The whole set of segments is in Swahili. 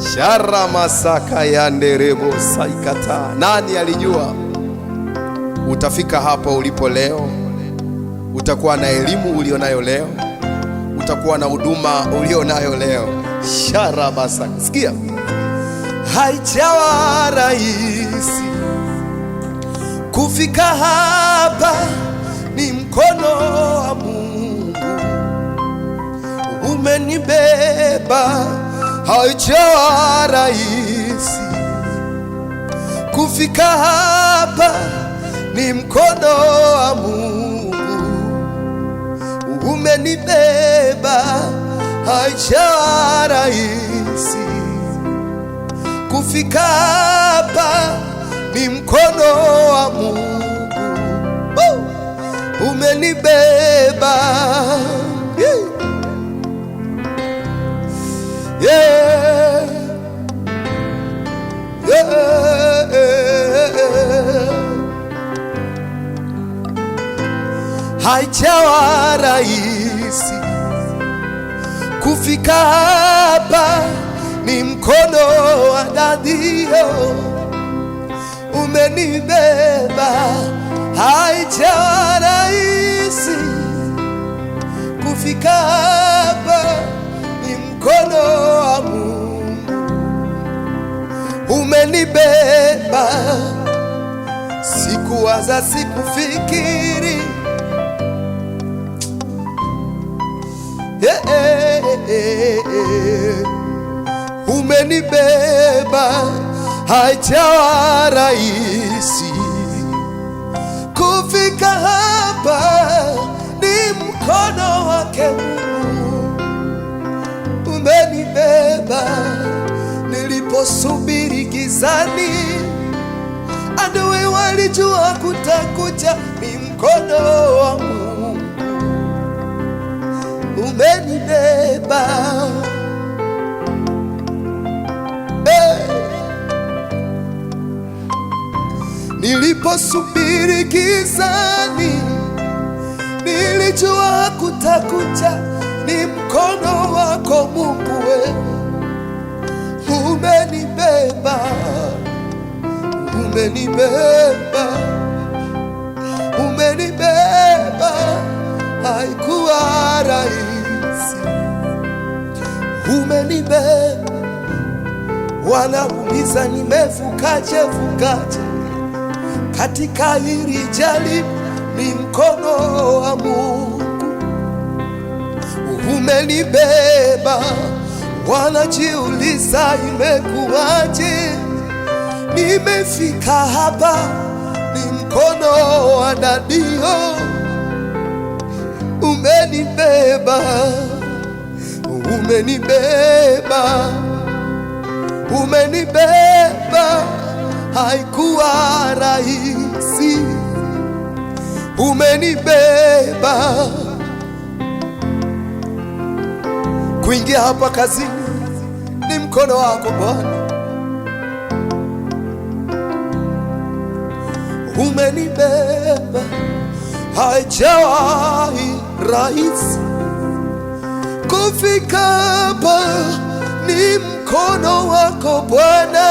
shara masaka ya nderebo saikata. Nani alijua utafika hapa ulipo leo? Utakuwa na elimu ulionayo leo, utakuwa na huduma ulionayo leo. Shara masaka, sikia, haijawa rahisi kufika hapa, ni mkono wa Mungu umenibeba haijawa rahisi kufika hapa, ni mkono wa Mungu umenibeba. Haijawa rahisi kufika hapa, ni mkono wa Mungu uh, umenibeba. haijawa rahisi kufika hapa, ni mkono wa dadio umenibeba. Haijawa rahisi kufika hapa, ni mkono wa Mungu umenibeba, sikuwaza, sikufikiri Hey, eh, eh, hey, eh, hey, hey. Umenibeba haijawa rahisi kufika hapa, ni mkono wake Mungu. Umenibeba niliposubiri gizani, adui walijua kutakuja, ni mkono wa Mungu umenibeba eh. Niliposubiri gizani, nilijua kutakuja, ni mkono wako Mungu, beba umenibeba, umenibeba, umenibeba, haikuwa rahisi umenibeba, umiza nimevukaje vukaje katika hili jaribu, ni mkono wa Mungu umenibeba, wanajiuliza imekuwaje nimefika hapa, ni mkono wa dadio umenibeba umenibeba, umenibeba, haikuwa rahisi, umenibeba kuingia hapa kazini, ni mkono wako Bwana, umenibeba, haijawahi rahisi kufika hapa ni mkono wako Bwana,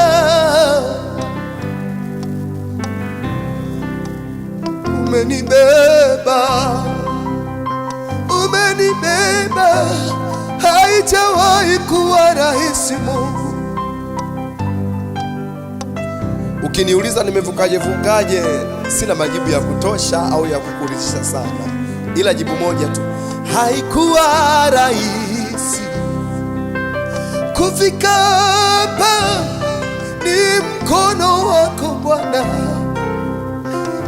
umenibeba, umenibeba. Haijawahi kuwa rahisi Mungu. Ukiniuliza nimevukaje vukaje, sina majibu ya kutosha au ya kukuridhisha sana, ila jibu moja tu, haikuwa rahisi rahisi kufika hapa, ni mkono wako Bwana,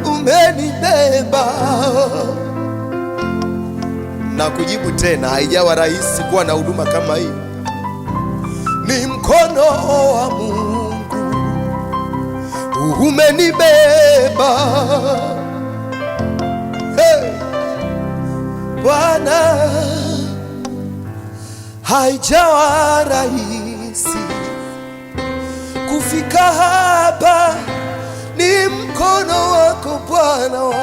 umenibeba na kujibu tena. Haijawa rahisi kuwa na huduma kama hii, ni mkono wa Mungu umenibeba haijawa rahisi kufika hapa, ni mkono wako Bwana.